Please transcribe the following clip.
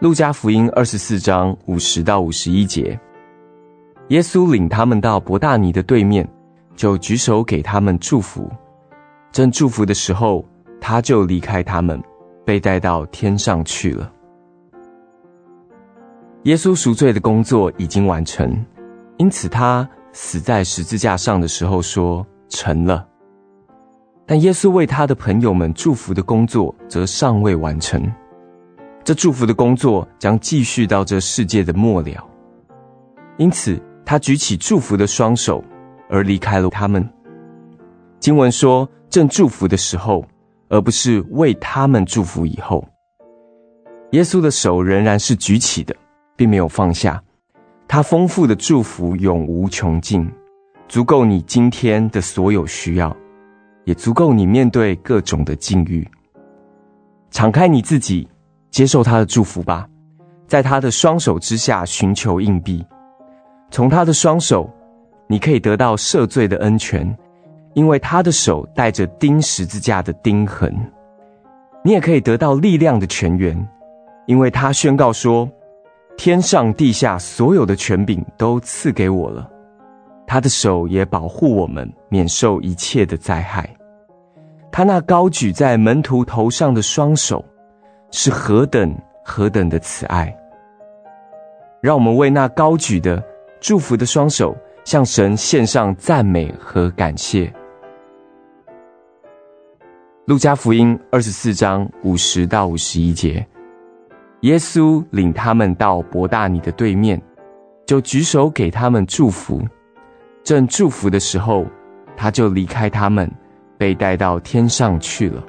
路加福音二十四章五十到五十一節，耶穌領他們到伯大尼的對面，就舉手給他們祝福。正祝福的時候，他就離開他們，被帶到天上去了。耶穌贖罪的工作已經完成，因此他死在十字架上的時候說：“成了。”但耶穌為他的朋友們祝福的工作則尚未完成。這祝福的工作將繼續到這世界的末了，因此他舉起祝福的雙手，而離開了他們。經文說：“正祝福的時候，而不是為他們祝福以後。”耶穌的手仍然是舉起的，並沒有放下。他豐富的祝福永無窮盡，足夠你今天的所有需要，也足夠你面對各種的境遇。敞開你自己。接受他的祝福吧，在他的雙手之下尋求硬幣，從他的雙手，你可以得到赦罪的恩泉，因為他的手帶着釘十字架的釘痕；你也可以得到力量的泉源，因為他宣告說：天上地下所有的權柄都賜給我了。他的手也保護我們免受一切的災害。他那高舉在門徒頭上的雙手。是何等何等的慈愛！讓我們為那高舉的、祝福的雙手，向神獻上讚美和感謝。路加福音二十四章五十到五十一節：耶穌領他們到伯大尼的對面，就舉手給他們祝福。正祝福的時候，他就離開他們，被帶到天上去了。